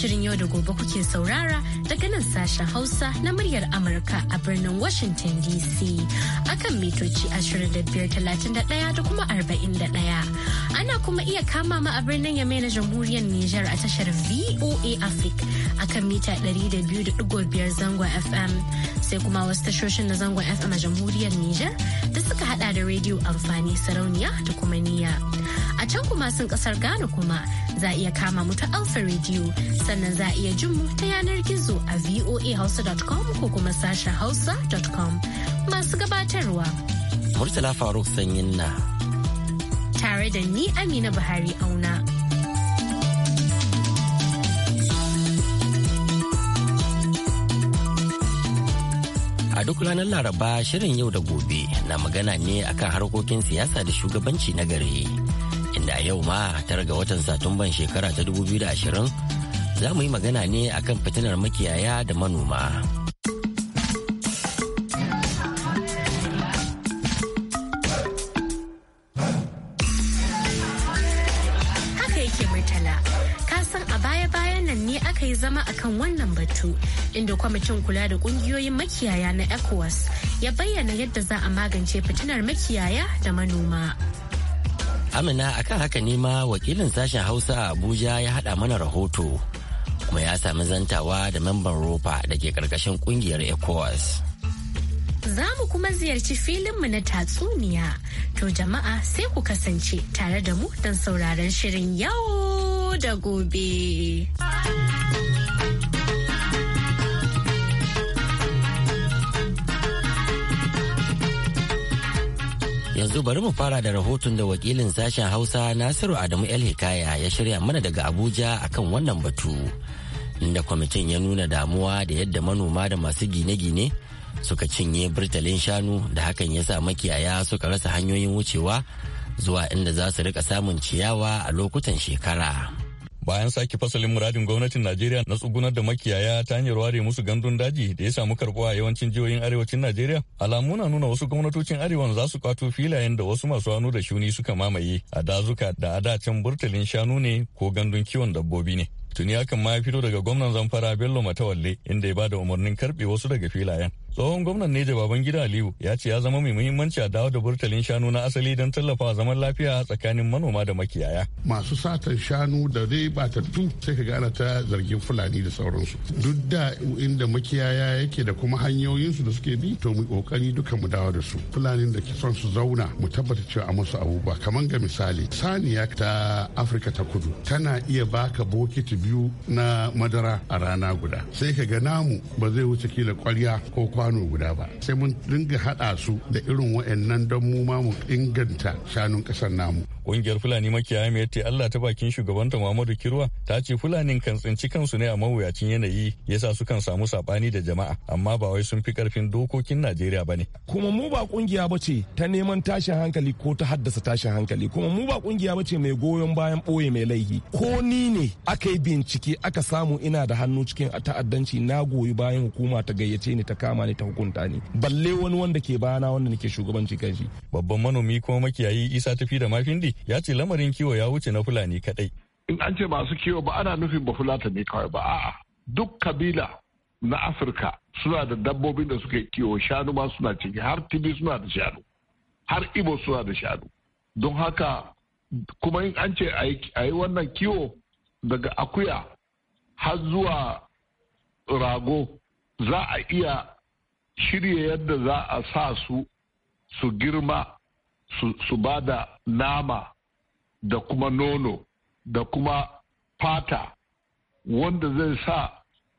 Shirin yau da gobe kuke saurara daga nan sashen Hausa na muryar Amurka a birnin Washington DC akan mitoci 2531 da kuma 41. Ana kuma iya kama ma a birnin Yamai na Jamhuriyar Nijar a tashar VOA Africa akan mita 200.5 zangon FM sai kuma wasu tashoshin na zangon FM a Jamhuriyar Nijar da suka hada da rediyo amfani sarauniya da kuma niyya. a can kuma sun kasar Ghana kuma za a iya kama mu ta Alpha Radio sannan za a iya jin mu ta yanar gizo a voahausa.com ko kuma sashen hausa.com masu gabatarwa. Murtala Faruk Sanyin na. Tare da ni Amina Buhari auna. a duk ranar laraba shirin yau da gobe na magana ne akan harkokin siyasa da shugabanci na gari yau ma tara ga watan Satumban shekara ta 2020 za mu yi magana ne akan fitinar makiyaya da manoma. aka yi zama akan wannan batu inda kwamitin kula da kungiyoyin makiyaya na ecowas ya bayyana yadda za a magance fitinar makiyaya da manoma. Amina akan haka ne ma wakilin sashen Hausa a Abuja ya haɗa mana rahoto kuma ya sami zantawa da memban ropa da ke ƙarƙashin ƙungiyar ECOWAS. Za mu kuma ziyarci filinmu na tatsuniya. To jama'a sai ku kasance tare da mu don sauraron shirin yau da gobe. Yanzu bari mu fara da rahoton da wakilin sashen Hausa Nasiru Adamu El Hikaya ya shirya mana daga Abuja akan wannan batu. Inda kwamitin ya nuna damuwa da yadda manoma da masu gine-gine suka cinye birtalin shanu da hakan ya sa makiyaya suka rasa hanyoyin wucewa zuwa inda za su rika samun ciyawa a lokutan shekara. bayan sake fasalin muradin gwamnatin Najeriya na tsugunar da makiyaya ta hanyar ware musu gandun daji da ya samu karbuwa a yawancin jihohin arewacin Najeriya, alamu na nuna wasu gwamnatocin arewan za su kwato filayen da wasu masu hannu da shuni suka mamaye a dazuka da a adacin burtalin shanu ne ko gandun kiwon dabbobi ne. Tuni hakan ma ya fito daga gwamnan Zamfara Bello Matawalle inda ya ba da umarnin karbe wasu daga filayen. tsohon gwamnan ne baban gida aliyu ya ce ya zama mai muhimmanci a dawo da burtalin shanu na asali don tallafa zaman lafiya tsakanin manoma da makiyaya masu satan shanu da dai batattu sai ka gana ta zargin fulani da sauransu duk da inda makiyaya yake da kuma hanyoyinsu da suke bi to mu kokari duka mu dawo da su fulanin da ke son su zauna mu tabbata cewa a musu abubuwa kamar ga misali saniya ta afirka ta kudu tana iya baka bokiti biyu na madara a rana guda sai ka ga namu ba zai wuce kila kwarya ko kwano guda ba sai mun dinga haɗa su da irin wa'annan don mu ma mu inganta shanun ƙasar namu kungiyar Fulani makiyaya mai ta Allah ta bakin shugabanta Muhammadu Kirwa ta ce Fulanin kan tsinci kansu ne a mawuyacin yanayi yasa kan samu sabani da jama'a amma ba wai sun fi karfin dokokin Najeriya bane. Kuma mu ba kungiya bace ta neman tashin hankali ko ta haddasa tashin hankali kuma mu ba kungiya bace mai goyon bayan boye mai laifi ko ni ne aka bincike aka samu ina da hannu cikin ta'addanci na goyi bayan hukuma ta gayyace ni ta kama ni ta hukunta ni balle wani wanda ke bayana wanda nake shugabanci kanshi Babban manomi kuma makiyayi Isa tafi da mafindi ya ce lamarin kiwo ya wuce na Fulani kadai. In an ce masu kiwo ba ana nufin ba Fulata ne kawai ba a'a duk kabila na Afirka suna da dabbobin da suke kiwo shanu ma suna ciki har tibi suna da shanu har ibo suna da shanu don haka kuma in an ce a yi wannan kiwo daga akuya har zuwa rago za a iya shirya yadda za a sa su su girma su ba da nama da kuma nono da kuma fata wanda zai sa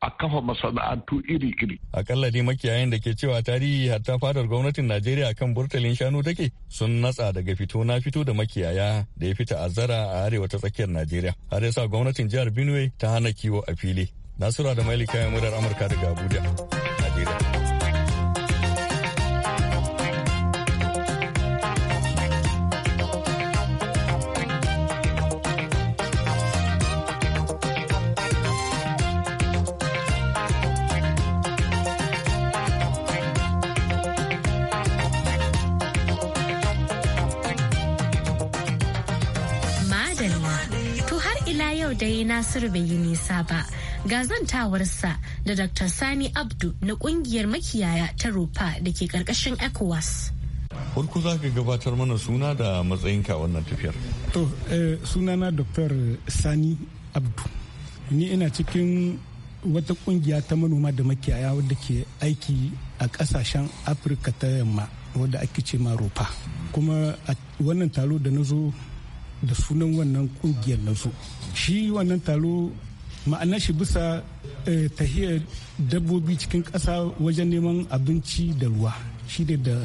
a kafa masana'antu iri-iri. Akalla ne makiyayan da ke cewa tarihi hatta fadar gwamnatin Najeriya kan burtalin shanu take sun natsa daga fito na fito da makiyaya da ya fita azara a arewa ta tsakiyar Najeriya. Har yasa gwamnatin jihar Benue ta hana kiwo a fili. Nasura da Malika ya murar Amurka daga Abuja, Najeriya. dai Nasiru bai yi nisa ba. Ga zantawarsa da Dr. Sani Abdu na kungiyar makiyaya ta Rufa da ke karkashin ECOWAS. Farko za ka gabatar mana suna da matsayinka wannan tafiyar. To, eh, sunana Dr. Sani Abdu. Ni ina cikin wata kungiya ta manoma da makiyaya wadda ke aiki a kasashen Afirka ta yamma wadda ake ce ma Rufa. Kuma a wannan talo da na zo da sunan wannan kungiyar na zo shi wannan taro ma'anar shi bisa eh, tahiyar dabbobi cikin ƙasa wajen neman abinci da ruwa shi da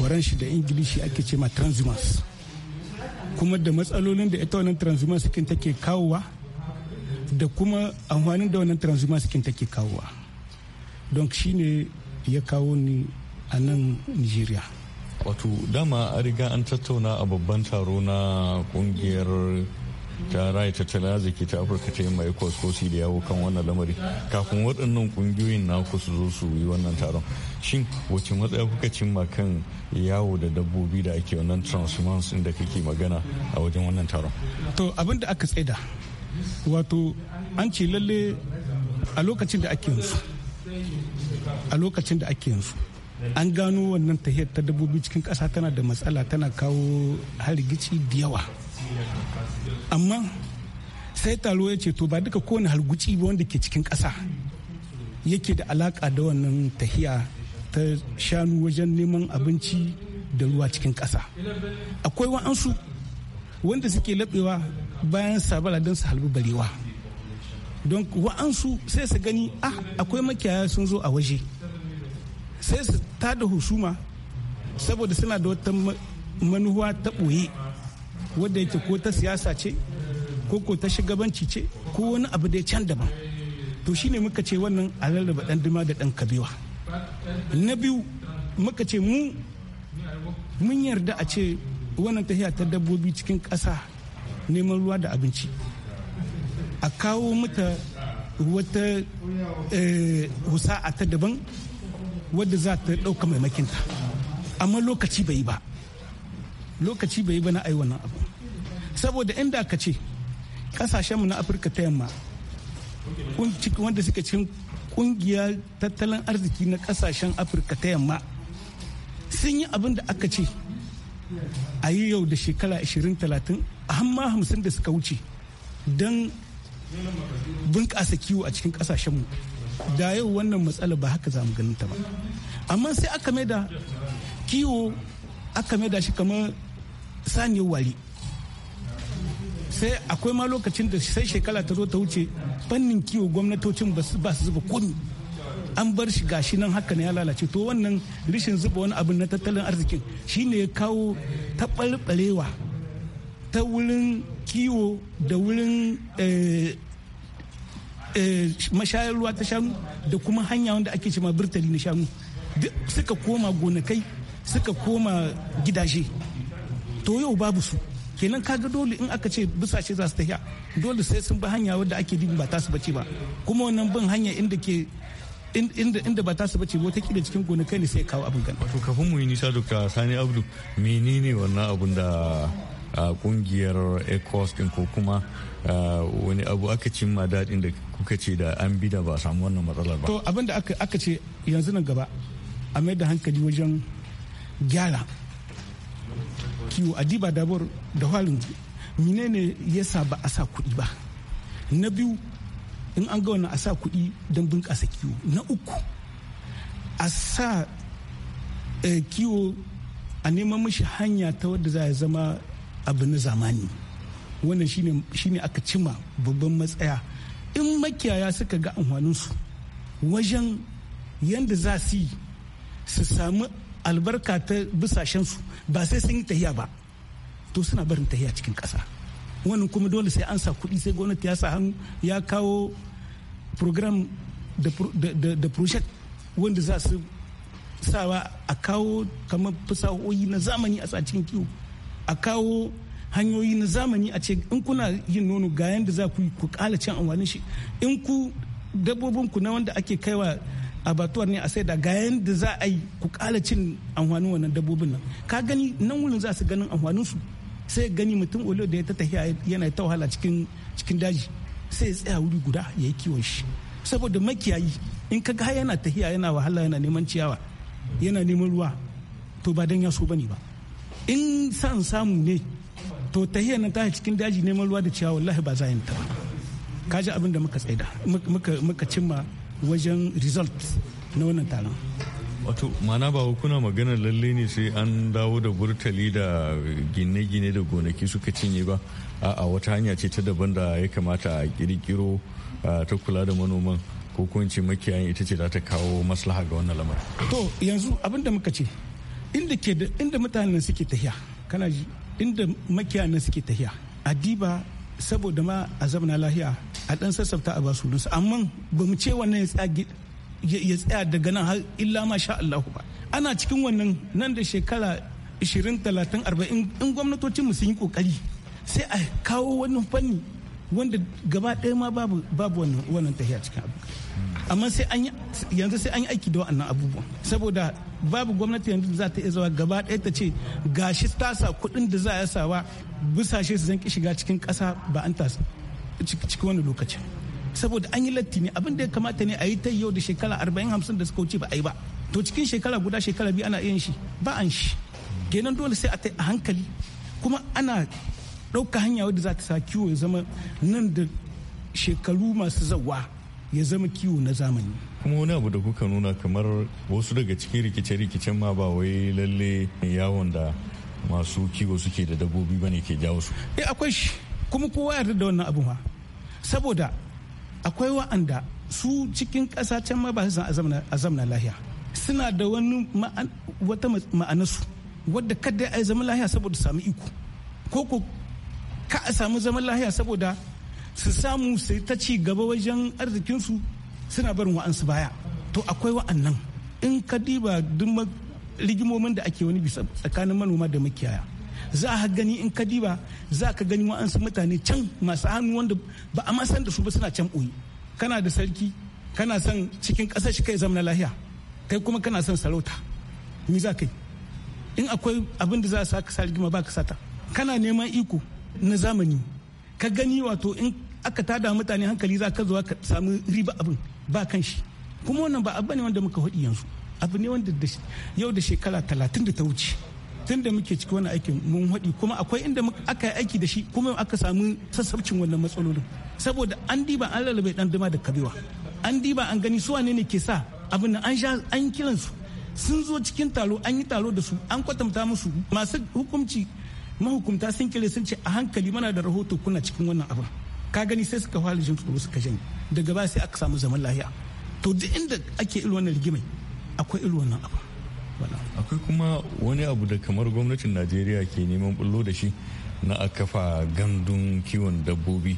waran shi da ingilishi ake ce ma transhumance kuma da matsalolin da ita wannan transhumance cikin take kawowa da kuma amfanin da wannan transhumance cikin take kawowa don shi ne ya kawo ni a nan nigeria wato dama a riga an tattauna a babban taro na kungiyar ta raya tattalin arziki ta afirka ta yi mai kwaskwasi da yawo kan wannan lamari kafin waɗannan ƙungiyoyin na su zo su yi wannan taron shin wace matsaya kuka cimma kan yawo da dabbobi da ake wannan transmans inda kake magana a wajen wannan taron to abin da aka tsaida wato an ce lalle a lokacin da ake yanzu a lokacin da ake yanzu an gano wannan tahiyar ta dabbobi cikin ƙasa tana da matsala tana kawo harigici da yawa amma sai taro ya ce to ba duka kowane halguci ba wanda ke cikin ƙasa yake da alaƙa da wannan tahiya ta shanu wajen neman abinci da ruwa cikin ƙasa akwai wa'ansu wanda suke laɓewa bayan sabala don su halbi barewa don wa'ansu sai su gani ah akwai makiyaya sun zo a waje sai su tada husuma saboda suna da wata manuwa ta ɓoye wadda yake ko ta siyasa ce ko ko ta shugabanci ce ko wani abu dai can daban to shine muka ce wannan a rarraba dan dima da dan kabewa na biyu muka ce mu mun yarda a ce wannan tahiya ta dabbobi cikin ƙasa neman ruwa da abinci a kawo mata wata eh, a ta daban wadda za ta ɗauka maimakinta amma lokaci bai ba lokaci bai ba na ai wannan abu saboda inda ka ce kasashenmu na afirka ta yamma wanda suke cikin kungiyar tattalin arziki na kasashen afirka ta yamma sun yi abin da aka ce a yi yau da shekara 20-30 a hamma hamsin da suka wuce don bunƙasa kiwo a cikin kasashenmu da yau wannan matsala ba haka zamu mu ganin ta ba amma sai aka maida kiwo aka maida shi kamar saniyar wari sai akwai ma lokacin da sai shekara ta zo ta wuce fannin kiwo gwamnatocin ba su zuba komi an bar shi gashi nan haka ne ya lalace to wannan rishin zuba wani abin na tattalin arzikin shine ya kawo taɓarɓarewa ta wurin kiwo da wurin eh, eh, mashayar ruwa ta shanu da kuma hanya wanda ake cima birtali na shanu duk suka koma gonakai suka koma gidaje to yau babu su kenan kaga dole in aka ce ce za su tafiya dole sai sun bi hanya wadda ake bi ba tasu bace ba kuma wannan bin hanya inda ke inda ba tasu bace wata kila cikin gonakai ne sai kawo abin gan wato kafin mu yi nisa duka sani abdu menene wannan abun da kungiyar ecos din ko kuma wani abu aka cimma daɗin da kuka ce da an bi da ba samu wannan matsalar ba to abin da aka ce yanzu nan gaba a mai da hankali wajen gyara kiwo a diba dabar da halin menene ya sa ba a sa kuɗi ba na biyu in an ga wannan a sa kuɗi don bunƙasa kiwo na uku a sa eh, kiwo a neman mishi hanya ta wadda za a zama abu na zamani wannan shine aka cima babban matsaya in makiyaya suka ga amfaninsu wajen yadda za su yi su samu albarka ta bisashensu ba sai sun yi tahiya ba to suna barin tahiya cikin kasa. wannan kuma dole sai an sa kuɗi sai gwamnati ya sa hannu ya kawo program da project wanda za su sawa a kawo kamar fasahohi na zamani a cikin kiwo a kawo hanyoyi na zamani a ce in kuna yin nono ga yadda za ku yi ku kala cin amfanin shi in ku dabbobinku na wanda ake kaiwa abatuwar ne a sai da gayan da za a yi ku kala cin amfanin wannan dabbobin nan ka gani nan wurin za su ganin amfanin su sai gani mutum olo da ya ta tafiya yana ta wahala cikin cikin daji sai ya tsaya wuri guda ya yi kiwon shi saboda makiyayi in ka ga yana tafiya yana wahala yana neman ciyawa yana neman ruwa to ba dan ya so bane ba in san samu ne to tahiyar nan ta cikin daji neman ruwa da ciyawa wallahi ba za yin ta ba kaji abin da muka tsaida muka cimma wajen result na wannan taron wato mana ba kuna magana lalle ne sai an dawo da burtali da gine-gine da gonaki suka cinye ba a wata hanya ce ta daban da ya kamata a kirkiro ta kula da manoman ko kunci makiyayin ita ce za ta kawo maslaha ga wannan lamarin to yanzu abinda muka ce inda ke inda mutanen suke tahiya kana ji inda makiyayan suke tahiya adiba saboda ma a zamana lahiya a dan sassafta a basu su amma ba mu ce wannan ya tsaya daga nan har illa ma sha Allahu ba ana cikin wannan nan da shekara 20 30 40 in gwamnatocin mu sun yi kokari sai a kawo wani fanni wanda gaba ɗaya ma babu wannan wannan tahiya cikin abu amma sai an yi yanzu sai an yi aiki da wannan abubuwan saboda babu gwamnati yanzu da za ta iya zawa gaba ɗaya ta ce gashi ta sa kuɗin da za a sawa busashe su zanki shiga cikin ƙasa ba an ta cikin wani lokacin saboda an yi latti ne abin da ya kamata ne a yi ta yau da shekara arba'in hamsin da suka wuce ba a yi ba to cikin shekara guda shekara biyu ana yin shi ba an shi kenan dole sai a ta a hankali kuma ana ɗauka hanya wadda za ta sa kiwo ya zama nan da shekaru masu zawa ya zama kiwo na zamani kuma wani abu da kuka nuna kamar wasu daga cikin rikice-rikicen ma ba wai lalle yawon da masu kiwo suke da dabbobi bane ke jawo su eh akwai shi kuma kowa yarda da wannan abun ma saboda akwai wa'anda su cikin kasa can ma ba su san azam na lahiya suna da wani wata ma'anasu wadda kada ya zama lahiya saboda samu iko ko ko ka a samu zaman lahiya saboda su samu sai ta ci gaba wajen arzikinsu suna barin wa'ansu baya to akwai wa'annan in ka diba duk rigimomin da ake wani bisa tsakanin manoma da makiyaya za a gani in ka diba za ka gani wa'ansu mutane can masu hannu wanda ba a san da su ba suna can ɓoyi kana da sarki kana son cikin ƙasar shi kai zama na lahiya kai kuma kana son sarauta ni za kai in akwai abin da za a saka sa rigima ba ka sata kana neman iko na zamani ka gani wato in aka tada mutane hankali za ka zo ka samu riba abin ba kan shi kuma wannan ba abu ne wanda muka hudu yanzu abu ne wanda yau da shekara talatin da ta wuce tun da muke ciki wani aikin mun hudu kuma akwai inda aka yi aiki da shi kuma aka samu sassabcin wannan matsalolin saboda an diba an lalabe dan dama da kabewa an diba an gani su ne ke sa abin an sha an kiran su sun zo cikin taro an yi taro da su an kwatanta musu masu hukunci mahukunta sun kire sun ce a hankali mana da rahoto kuna cikin wannan abin ka gani sai suka fara jin tsoro suka janye daga baya sai aka samu zaman lahiya to duk inda ake irin wannan rigimai akwai irin wannan abu akwai kuma wani abu da kamar gwamnatin najeriya ke neman bullo da shi na a kafa gandun kiwon dabbobi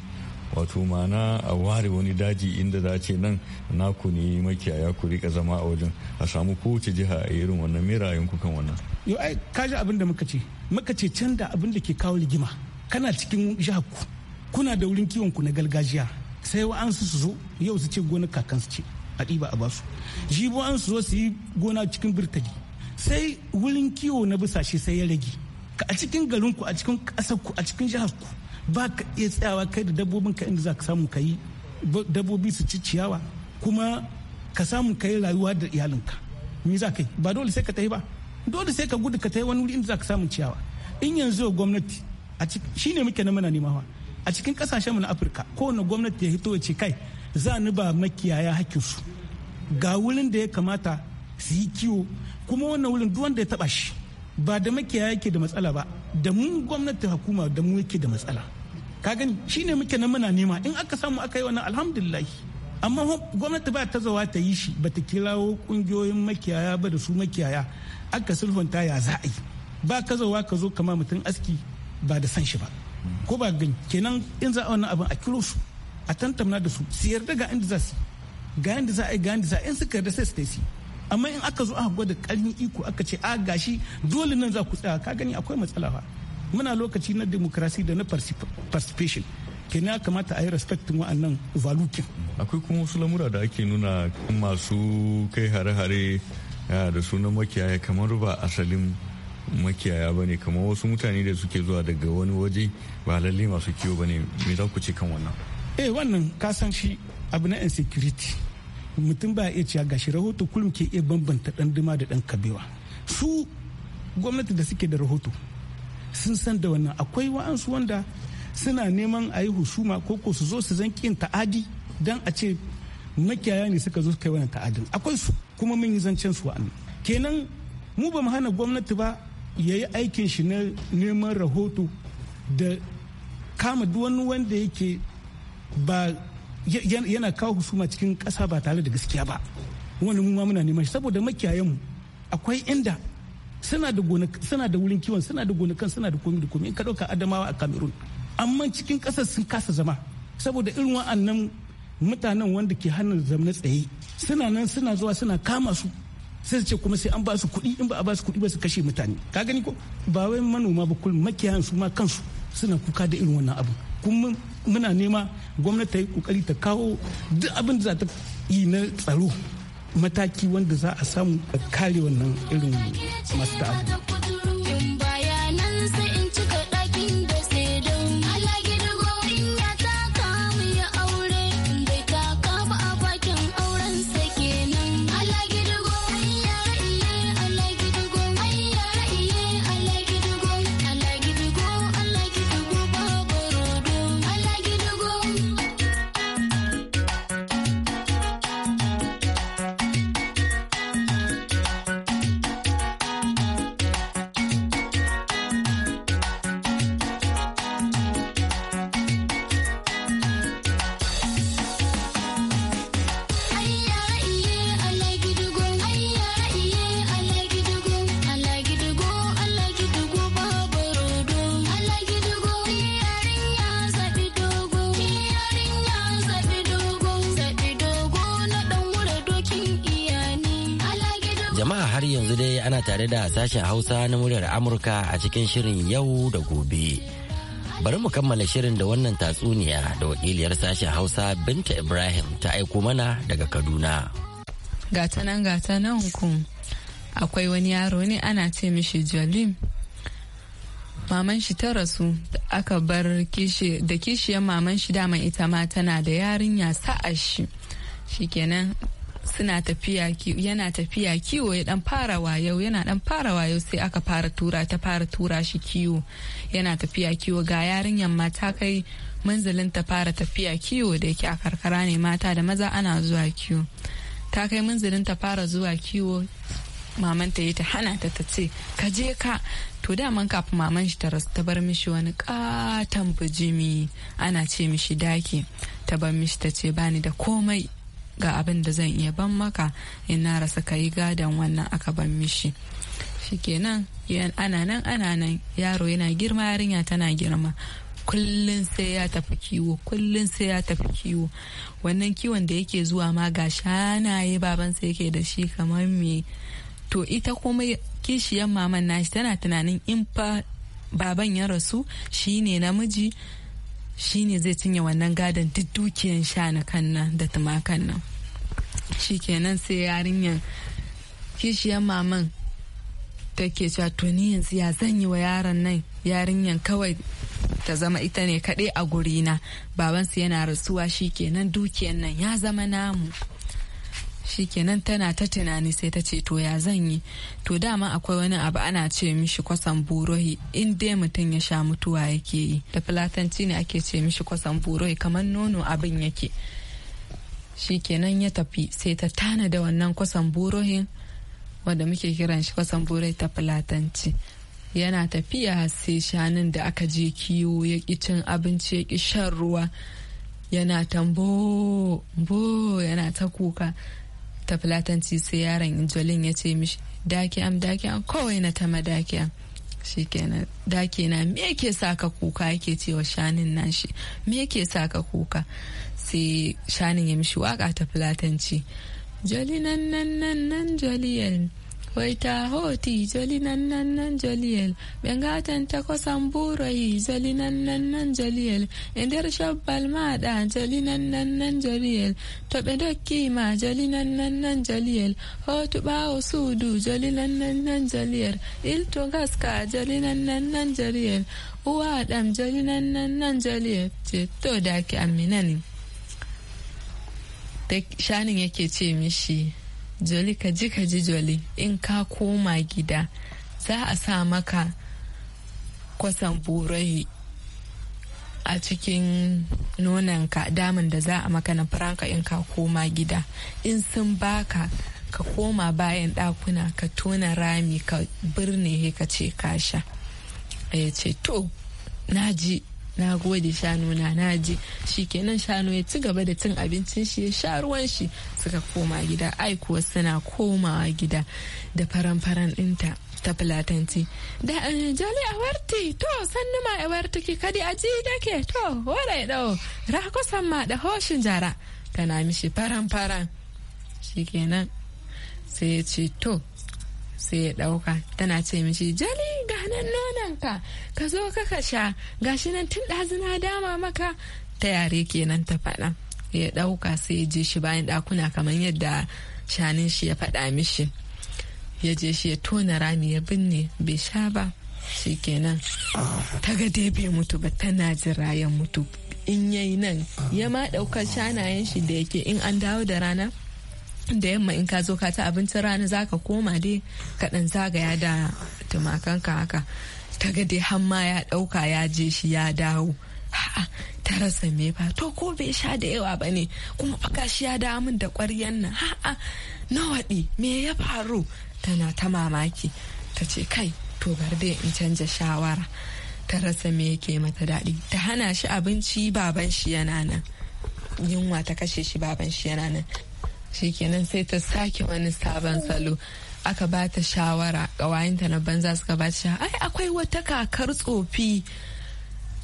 wato mana a ware wani daji inda za ce nan naku ne makiyaya ku rika zama a wajen a samu kowace jiha a irin wannan mera kukan wannan yau ai kaji abin da muka ce muka ce can da abin da ke kawo rigima kana cikin jihar ku kuna da wurin kiwon ku na gargajiya sai wa'ansu su zo yau su ce gonar kakansu ce a ɗiba a basu ji wa'ansu zo su yi gona cikin birtali sai wurin kiwo na bisashe sai ya rage a cikin garinku a cikin ƙasarku a cikin jiharku ba ka iya tsayawa kai da dabbobin ka inda za ka samu ka yi dabbobi su ci ciyawa kuma ka samu ka yi rayuwa da iyalinka me za ka yi ba dole sai ka tafi ba dole sai ka gudu ka tafi wani wuri inda za ka samu ciyawa in yanzu gwamnati a cikin shine muke na muna nema a cikin kasashen mu na afirka kowane gwamnati ya hito ya ce kai za ni ba makiyaya su ga wurin da ya kamata su yi kiwo kuma wannan wurin duk wanda ya taba shi ba da makiyaya yake da matsala ba da mu gwamnati hukuma da mu yake da matsala ka gani shine muke nan muna nema in aka samu aka yi wannan alhamdulillah amma gwamnati ba ta zawa ta yi shi ba ta kirawo kungiyoyin makiyaya ba da su makiyaya aka sulhunta ya za a yi ba ka zawa ka zo kama mutum aski ba da san shi ba ko ba gani kenan in za a wannan abin a kiro su a tantamna da su su yarda ga inda za su ga inda za a yi ga inda za a in suka yarda sai su tafi amma in aka zo a aka da karfin iko aka ce a gashi dole nan za ku tsaya ka gani akwai matsala fa muna lokaci na demokrasi da na participation kenan ya kamata a yi respectin wa'annan valukin akwai kuma wasu lamura da ake nuna masu kai hare-hare eh, da sunan makiyaya kamar ba asalin makiyaya ba ne kamar wasu mutane da suke zuwa daga wani waje ba lalle masu kiwo ba ne me za ku ce kan wannan eh wannan kasan shi abu na insecurity mutum ba iya cewa gashi rahoto kullum ke iya bambanta dan dima da dan kabewa su gwamnati da suke da rahoto sun san da wannan akwai wa'ansu wanda suna neman a yi husuma ko ko su zo su zan kin ta'adi dan a ce makiyaya ne suka zo su kai wannan ta'adin akwai su kuma mun yi zancen su wa'annan kenan mu ba mu hana gwamnati ba ya yi aikin shi na neman rahoto da kama wani wanda yake ba yana kawo husuma cikin ƙasa ba tare da gaskiya ba wani mu ma muna neman shi saboda makiyayenmu akwai inda suna da wurin kiwon suna da gonakan suna da komi da komi in ka ɗauka adamawa a cameroon amma cikin ƙasar sun kasa zama saboda irin wa'annan mutanen wanda ke hannun zamna tsaye suna nan suna zuwa suna kama su sai su ce kuma sai an ba su kuɗi in ba a ba su kuɗi ba su kashe mutane ka gani ko ba wai manoma ba kullum makiyayan su ma kansu suna kuka da irin wannan abu kuma muna nema gwamnati ta yi kokari ta kawo duk abin da za ta yi na tsaro mataki wanda za a samu kare wannan irin masu ta'adu. tare da sashen Hausa na muryar Amurka a cikin shirin yau da gobe. Bari mu kammala shirin da wannan tatsuniya da wakiliyar sashen Hausa Binta Ibrahim ta aiko mana daga Kaduna. Gata nan gata nan Akwai wani yaro ne ana ce mishi Jalim. Maman shi ta rasu aka bar da kishiyar maman shi dama ita ma tana da yarinya sa'a shi. shikenan suna tafiya yana tafiya kiwo ya dan fara wayau yana dan fara wayau sai aka fara tura ta fara tura shi kiwo yana tafiya kiwo ga yarinyar ma ta kai manzalin ta fara tafiya kiwo da yake a karkara ne mata da maza ana zuwa kiwo ta kai manzalin ta fara zuwa kiwo maman ta yi ta hana ta ta ce ka je ka to daman kafin maman shi ta rasu ta bar mishi wani katon bijimi ana ce mishi daki ta bar mishi ta ce bani da komai ga abin da zan iya ban maka in na rasa ka yi gadon wannan aka ban mishi shikenan ana nan ana nan yaro yana girma yarinya tana girma kullum sai ya tafi kiwo kullum sai ya tafi kiwo wannan kiwon da yake zuwa ma ga shanaye sai yake da shi kamar me to ita kuma kishiyan maman nashi tana tunanin in fa baban ya rasu shine namiji shi ne zai cinye wannan gadon duk dukiyan sha na kanna da tumakan nan shi kenan sai yarinyan kishiyar maman take cewa to ni yanzu ya zan yi wa yaron nan yarinyar kawai ta zama ita ne kaɗai a gurina babansu yana rasuwa shi kenan dukiyan nan ya zama namu shikenan tana ta tunani sai ta ce to ya zan yi to dama akwai wani abu ana ce mishi kwasan burohi in dai mutum ya sha mutuwa yake yi da filatanci ne ake ce mishi kwasan burohi kamar nono abin yake shikenan ya tafi sai ta tana da wannan kwasan burohin wanda muke kiran shi kwasan burohi ta filatanci yana tafiya sai shanun da aka je kiwo ya ki cin abinci ya ki shan ruwa yana tambo bo yana ta kuka ta filatanci sai yaron jolin ya ce mishi daki am daki am kowai na tama daki am kenan daki na me yake saka kuka yake cewa shanin nan shi me yake saka kuka sai shanin ya mishi waka ta filatanci joli nan nan nan nan joliyar ta hoti joli nan nan nan joliel ɓe gatan ta kosan buroyi joli nan nan nan joliel e nder shobbal maɗa joli nan nan nan joliel to ɓe dokkima joli nan nan nan joliel hotu ɓawo suudu joli nan nan nan joliyel ilto gaska joli nan nan nan joliyel uwa ɗam joli nan nan nan joliyel je to daki amminani shanin yake ce mishi joli ka ji ka ji joli in ka koma gida za a sa maka kwasan burai a cikin nonanka damin da za a maka na faranka in ka koma gida in sun baka ka koma bayan ɗakuna ka tona rami ka birne ka ce ka sha ya eh, ce to na ji na gode shanu na naji kenan shanu ya ci gaba da cin abincin shi ya sha ruwan shi suka koma gida ai kuwa suna komawa gida da faran-faran ɗinta ta filatanci da eh, jali a warti to sannu ma a warti ki kadi aji dake to wadai ɗau rakusan ma da hoshin jara tana mishi faran-faran shikenan sai ya ce to sai ya ɗauka tana ce mishi jali ga nan nonanka ka zo ka sha gashi nan tun ɗazuna dama maka ta yare kenan ta faɗa ya ɗauka sai ya je shi bayan ɗakuna kamar yadda shanin shi ya faɗa mishi ya je shi ya tona rami ya binne bai sha ba shi kenan ta ga dai bai mutu ba tana jin mutu in yayi nan ya ma ɗaukar shanayen shi da yake in an dawo da rana da yamma in ka zo ka ta abincin rana za ka koma dai kaɗan zagaya da tumakanka haka ta ga dai hamma ya ɗauka ya je shi ya dawo ta rasa me ba to ko bai sha da yawa ba ne kuma fa shi ya dawo min da ƙwaryan nan ha'a waɗi me ya faru tana ta mamaki ta ce kai to bar dai in canja shawara ta rasa me yake mata daɗi ta hana shi abinci baban shi yana nan yunwa ta kashe shi baban shi yana nan shikenan sai ta sake wani sabon salo aka ba ta shawara ƙawayenta na banza suka ba ta ai akwai wata kakar tsofi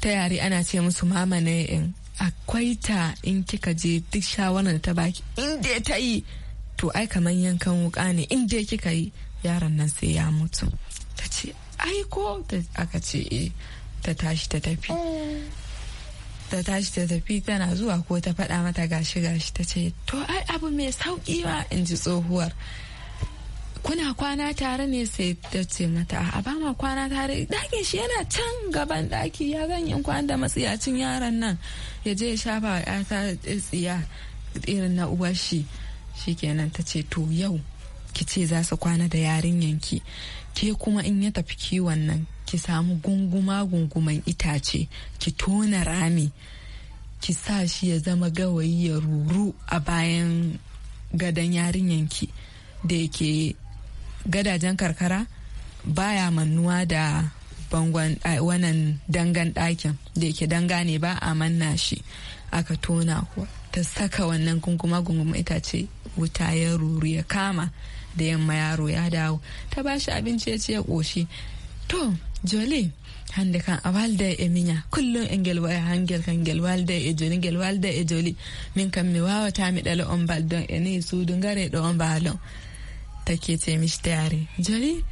ta yare ana ce musu mama na in akwai ta in kika je duk shawarar ta baki inda ta yi to ai kamar yankan wuka ne in kika yi yaron nan sai ya mutu ta ce ai ko aka ce eh, ta tashi ta tafi ta tashi ta tafi tana zuwa ko ta faɗa mata gashi gashi ta ce to ai abu mai sauƙi ba in ji tsohuwar kuna kwana tare ne sai ta ce mata a ba ma kwana tare ɗaki shi yana can gaban ɗaki ya ganyen kwana da matsiyacin yaron nan ya je ya shafa wa ta tsiya irin na uwar shi shikenan ta ce to yau ki ce za su kwana da yarinyanki ke kuma in ya tafi kiwon nan ki samu gunguma gunguman itace ki tona rami ki sa shi ya zama gawayi ya ruru a bayan gadon yarinyanki da yake gadajen karkara baya mannuwa da bangon wannan dangan ɗakin da yake danga ne ba a manna shi aka tona kuwa ta saka wannan gunguma gunguma itace wuta ya ruru ya kama da yamma yaro ya dawo ta bashi abinci ya ce ya ƙoshi to joli hande kan a walda e minya kullum e ngel waya ngel kan ngel walda e joli ngel walda e joli min kam mi wawata mi ɗala on baldon e ni suudu ngare ɗo on mbalon take ce mi tare joli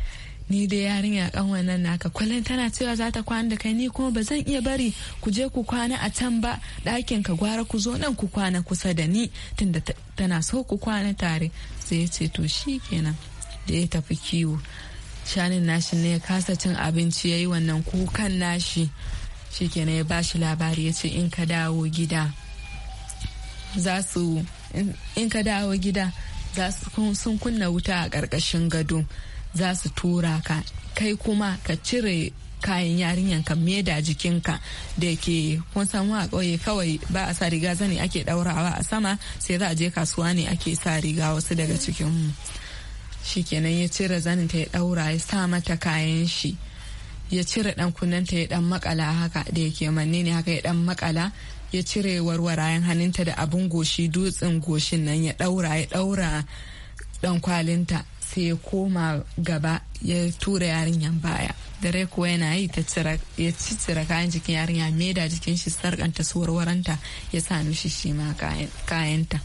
ni da yarinya kan wannan naka kullum tana cewa za ta kwana da kai ni kuma ba zan iya bari ku je ku kwana a can ba ɗakin ka gwara ku zo nan ku kwana kusa da ni tunda tana so ku kwana tare sai ya ce to shi kenan da ya tafi kiwo shanin nashi ne ya kasa cin abinci ya yi wannan kukan nashi shikenan ya bashi labari ya ce in ka dawo gida za su in ka dawo gida za su sun kunna wuta a ƙarƙashin gado za su tura ka kai kuma ka cire kayan yarinyar ka meda jikinka da ke kun san a ƙauye kawai ba a sa riga zani ake ɗaurawa a sama sai za a je kasuwa ne ake sa riga wasu daga cikin mu shikenan ya cire zaninta ya daura ya sa mata kayan shi ya cire dan ta ya dan makala haka da yake manne ne haka ya dan makala ya cire warwarayen hannunta da abun goshi dutsen goshin nan ya daura ya daura dan kwalinta sai ya koma gaba ya tura yarinyan baya dare kuwa yana yi ta ya cire kayan jikin yarinya meda jikin shi sarkanta su warwaranta ya sa nushi shi ma kayanta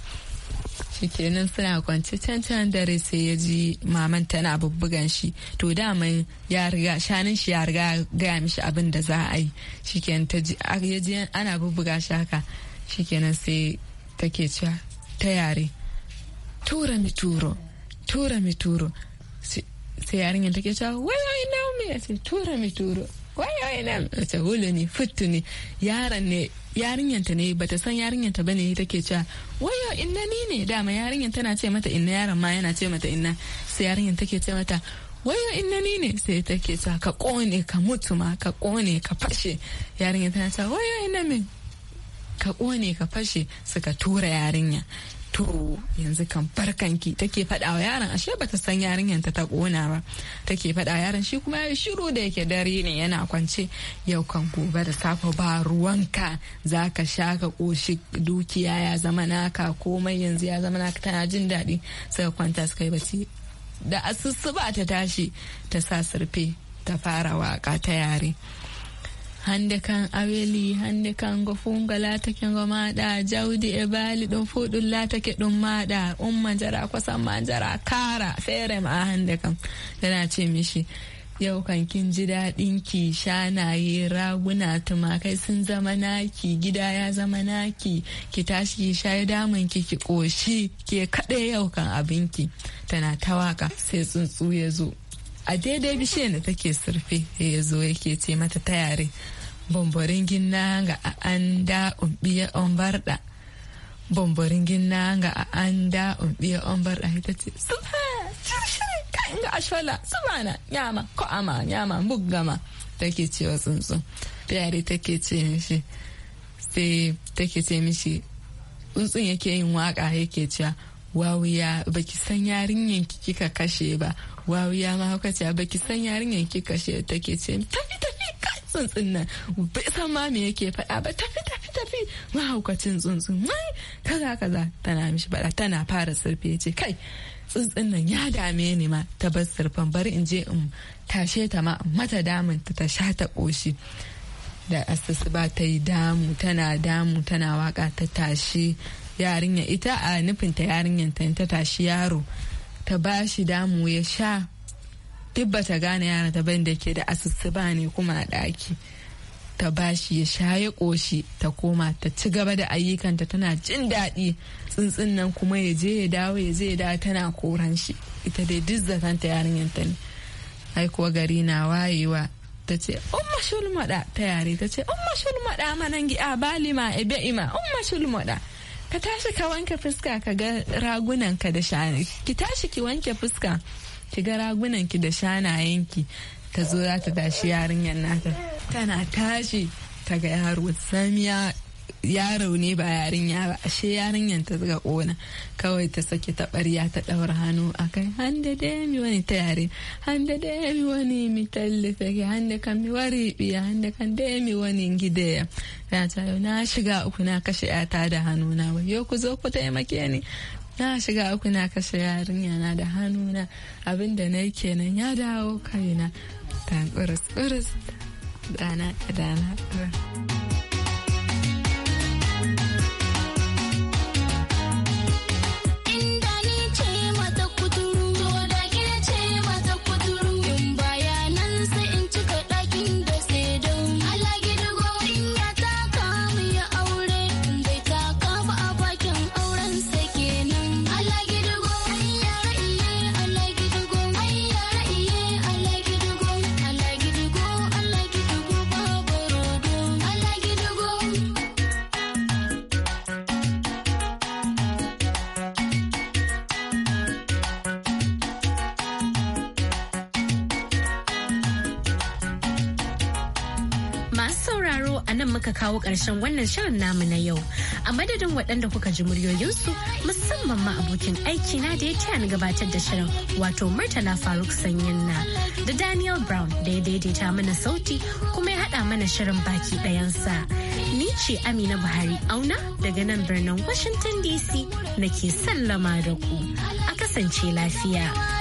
shikenan suna kwance can can dare sai ya ji maman tana bubbugan shi to daman ya riga shanin shi ya riga gaya mishi abin da za a yi shikenan ta ji ya ji ana bubbuga shi haka shikenan sai take cewa ta yare tura mi turo tura mi turo sai yarinyar take cewa wai wai na me tura mi turo wayoyi nan ta wule ne futtu ne yaran ne yarinyanta ne bata san yarinyanta ba ne ke cewa wayo inna ni ne dama yarinyan tana ce mata inna yaran ma yana ce mata inna sai yarinyan take ce mata wayo inna ni ne sai ke cewa ka kone ka mutu ma ka kone ka fashe yarinyan tana cewa wayo inna min ka kone ka fashe suka tura yarinya to yanzu kan farkanki take faɗa wa yaron ashe bata san yarinyar ta ta kona ba take faɗa yaran shi kuma ya shiru da yake dare ne yana kwance yau kan gobe da safe ba ruwanka zaka sha ka koshi dukiya ya zama naka komai yanzu ya zama naka tana jin daɗi suka kwanta suka yi bacci da asusu ba ta tashi ta sa surfe ta fara waka ta yare hande kan aweli hande kan go funga latake go maada maɗa jawdi e bali ɗum fuu ɗum maɗa umma jara kosamma jara kara fere ma hande kan tana ce mishi yau kan kin ji daɗinki shanaye raguna tumakai sun zama naki gida ya zama naki ki tashi ki shayi damanki ki ƙoshi ke kaɗai yau kan abinki tana tawaka sai tsuntsu ya zo a daidai bishiyar da take surfe ya zo yake ce mata ta yare bombarin ginna ga an da umbiya on barda bomborin ginna ga an da umbiya on barda ita ce kayan ga ashola subana nyama ko ama nyama mugama. take ce wa tsuntsun fiyare take ce mishi sai take ce mishi tsuntsun yake yin waka yake cewa wawuya baki san yarinyan kika kashe ba wawuya ma haka ce baki san yarinyan kika kashe take ce tafi tsuntsun nan bai san ma me yake faɗa ba tafi tafi tafi mahaukacin tsuntsun mai kaza kaza tana mishi tana fara surfe ce kai tsuntsun nan ya dame ni ma ta bar surfan bari in je in tashe ta ma mata damun ta ta sha ta koshi da asusu ba ta yi damu tana damu tana waka ta tashi yarinya ita a nufinta yarinyar ta tashi yaro ta ba shi damu ya sha dubba ta gane yana ta ban da ke da asusuba ne kuma a ɗaki ta bashi ya sha ya ƙoshi ta koma ta ci gaba da ayyukanta tana jin daɗi tsuntsun nan kuma ya je ya dawo ya je ya dawo tana koran shi ita dai duk zakanta yarinyanta ne ai kuwa gari na wayewa ta ce umma shulmada ta yare ta ce umma shulmada manan gi a balima ebe ima umma shulmada ka tashi ka wanke fuska ka ga ragunanka da shanu ki tashi ki wanke fuska ki ga ragunan ki da shanayen ki ta zo za ta tashi yarinyar nata tana tashi ta ga yaro sami yaro ne ba yarinya ba ashe yarinyar ta zuga kona kawai ta sake taɓarya ta daura hannu a kai hande da mi wani ta yare hande da mi wani mi tallafe ki hande kan mi wari biya hande kan da mi wani gida ya ta yau na shiga uku na kashe yata da hannu na ba yau ku zo ku taimake ni na shiga uku na kashe yarinya na da hannuna abin da na yi kenan ya dawo kaina ta ƙuris ƙuris dana dana muka kawo ƙarshen wannan shirin namu na yau. A madadin waɗanda kuka ji muryoyinsu musamman ma abokin aiki na da ya taya ni gabatar da shirin wato Murtala Faruk Sanyin na da Daniel Brown da ya daidaita mana sauti kuma ya haɗa mana shirin baki ɗayansa. Ni ce Amina Buhari auna daga nan birnin Washington DC nake sallama da ku. A kasance lafiya.